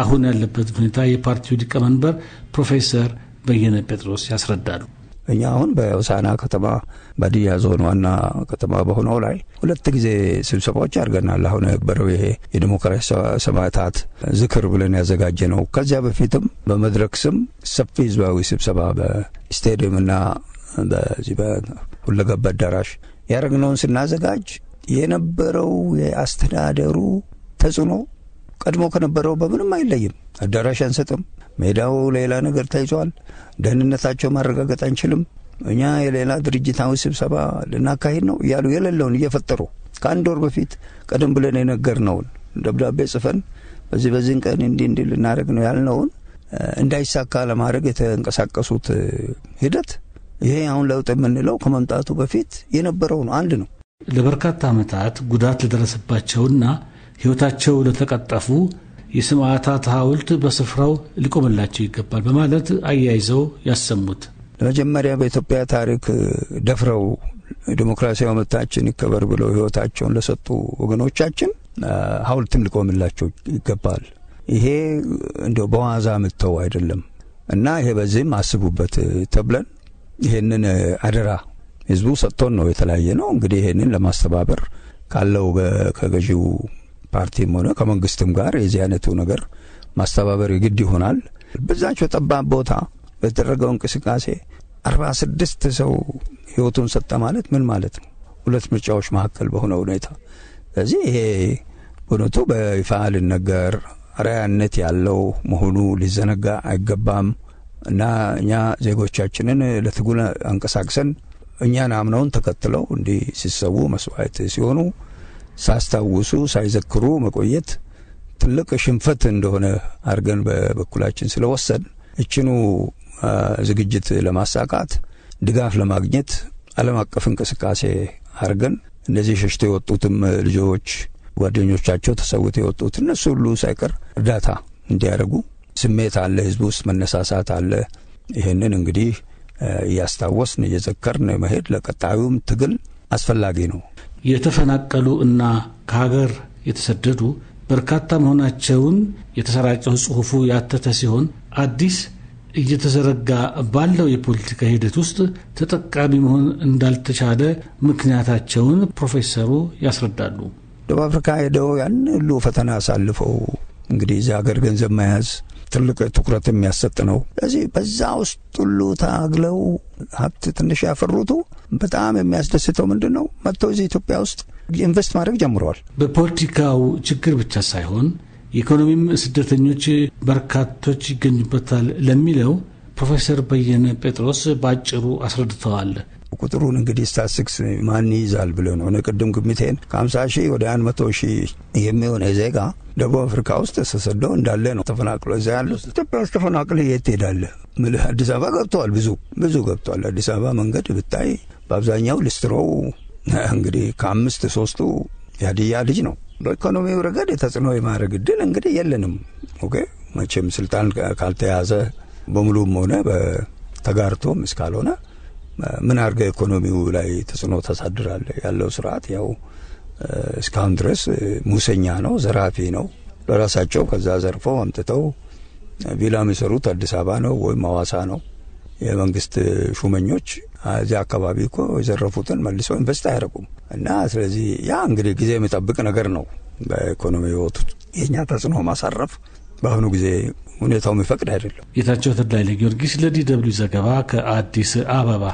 አሁን ያለበት ሁኔታ የፓርቲው ሊቀመንበር ፕሮፌሰር በየነ ጴጥሮስ ያስረዳሉ። እኛ አሁን በውሳና ከተማ ባድያ ዞን ዋና ከተማ በሆነው ላይ ሁለት ጊዜ ስብሰባዎች አድርገናል። አሁን የነበረው ይሄ የዲሞክራሲ ሰማዕታት ዝክር ብለን ያዘጋጀ ነው። ከዚያ በፊትም በመድረክ ስም ሰፊ ህዝባዊ ስብሰባ በስቴዲየምና በዚህ በሁለገብ አዳራሽ ያደረግነውን ስናዘጋጅ የነበረው የአስተዳደሩ ተጽዕኖ ቀድሞ ከነበረው በምንም አይለይም። አዳራሽ አንሰጥም። ሜዳው ሌላ ነገር ተይዟል። ደህንነታቸው ማረጋገጥ አንችልም። እኛ የሌላ ድርጅታዊ ስብሰባ ልናካሄድ ነው እያሉ የሌለውን እየፈጠሩ ከአንድ ወር በፊት ቀደም ብለን የነገርነውን ደብዳቤ ጽፈን በዚህ በዚህን ቀን እንዲህ እንዲህ ልናደርግ ነው ያልነውን እንዳይሳካ ለማድረግ የተንቀሳቀሱት ሂደት ይሄ አሁን ለውጥ የምንለው ከመምጣቱ በፊት የነበረው ነው። አንድ ነው። ለበርካታ ዓመታት ጉዳት ለደረሰባቸውና ሕይወታቸው ለተቀጠፉ የሰማዕታት ሐውልት በስፍራው ሊቆምላቸው ይገባል በማለት አያይዘው ያሰሙት ለመጀመሪያ በኢትዮጵያ ታሪክ ደፍረው ዲሞክራሲያዊ መብታችን ይከበር ብለው ሕይወታቸውን ለሰጡ ወገኖቻችን ሐውልትም ሊቆምላቸው ይገባል። ይሄ እንዲ በዋዛ ምተው አይደለም እና ይሄ በዚህም አስቡበት ተብለን ይሄንን አደራ ህዝቡ ሰጥቶን ነው። የተለያየ ነው እንግዲህ ይሄንን ለማስተባበር ካለው ከገዢው ፓርቲም ሆነ ከመንግስትም ጋር የዚህ አይነቱ ነገር ማስተባበር ግድ ይሆናል። በዛቸው ጠባብ ቦታ በተደረገው እንቅስቃሴ አርባ ስድስት ሰው ህይወቱን ሰጠ ማለት ምን ማለት ነው? ሁለት ምርጫዎች መካከል በሆነ ሁኔታ ስለዚህ ይሄ እውነቱ በይፋ ልነገር አርአያነት ያለው መሆኑ ሊዘነጋ አይገባም እና እኛ ዜጎቻችንን ለትጉን አንቀሳቅሰን እኛን አምነውን ተከትለው እንዲህ ሲሰዉ መስዋዕት ሲሆኑ ሳስታውሱ ሳይዘክሩ መቆየት ትልቅ ሽንፈት እንደሆነ አድርገን በበኩላችን ስለወሰን እችኑ ዝግጅት ለማሳካት ድጋፍ ለማግኘት ዓለም አቀፍ እንቅስቃሴ አድርገን እነዚህ ሸሽቶ የወጡትም ልጆች ጓደኞቻቸው ተሰውተው የወጡት እነሱ ሁሉ ሳይቀር እርዳታ እንዲያደርጉ ስሜት አለ፣ ህዝብ ውስጥ መነሳሳት አለ። ይህንን እንግዲህ እያስታወስን እየዘከርን መሄድ ለቀጣዩም ትግል አስፈላጊ ነው። የተፈናቀሉ እና ከሀገር የተሰደዱ በርካታ መሆናቸውን የተሰራጨው ጽሑፉ ያተተ ሲሆን አዲስ እየተዘረጋ ባለው የፖለቲካ ሂደት ውስጥ ተጠቃሚ መሆን እንዳልተቻለ ምክንያታቸውን ፕሮፌሰሩ ያስረዳሉ። ደቡብ አፍሪካ ሄደው ያን ሁሉ ፈተና አሳልፈው እንግዲህ እዚህ ሀገር ገንዘብ መያዝ ትልቅ ትኩረት የሚያሰጥ ነው። ስለዚህ በዛ ውስጥ ሁሉ ታግለው ሀብት ትንሽ ያፈሩቱ በጣም የሚያስደስተው ምንድን ነው መጥተው እዚህ ኢትዮጵያ ውስጥ ኢንቨስት ማድረግ ጀምረዋል። በፖለቲካው ችግር ብቻ ሳይሆን የኢኮኖሚም ስደተኞች በርካቶች ይገኙበታል ለሚለው ፕሮፌሰር በየነ ጴጥሮስ በአጭሩ አስረድተዋል። ቁጥሩን እንግዲህ ስታስክስ ማን ይይዛል ብሎ ነው። እኔ ቅድም ግምቴን ከ50 ሺህ ወደ 100 ሺህ የሚሆነ ዜጋ ደቡብ አፍሪካ ውስጥ ተሰደው እንዳለ ነው ተፈናቅሎ እዛ ያለው። ኢትዮጵያ ውስጥ ተፈናቅለ የት ሄዳለ ምልህ አዲስ አበባ ገብተዋል። ብዙ ብዙ ገብተዋል። አዲስ አበባ መንገድ ብታይ በአብዛኛው ልስትሮው እንግዲህ ከአምስት ሶስቱ ያድያ ልጅ ነው። በኢኮኖሚው ረገድ ተጽዕኖ የማድረግ እድል እንግዲህ የለንም። ኦኬ መቼም ስልጣን ካልተያዘ በሙሉም ሆነ በተጋርቶም እስካልሆነ ምን አድርገ ኢኮኖሚው ላይ ተጽዕኖ ታሳድራለህ? ያለው ስርዓት ያው እስካሁን ድረስ ሙሰኛ ነው፣ ዘራፊ ነው። ለራሳቸው ከዛ ዘርፈው አምጥተው ቪላ የሚሰሩት አዲስ አበባ ነው ወይም አዋሳ ነው። የመንግስት ሹመኞች እዚያ አካባቢ እኮ የዘረፉትን መልሰው ኢንቨስት አያደርጉም። እና ስለዚህ ያ እንግዲህ ጊዜ የሚጠብቅ ነገር ነው። በኢኮኖሚ ህይወቱት የእኛ ተጽዕኖ ማሳረፍ በአሁኑ ጊዜ ሁኔታው የሚፈቅድ አይደለም። ጌታቸው ተድላይ ለጊዮርጊስ ለዲ ደብልዩ ዘገባ ከአዲስ አበባ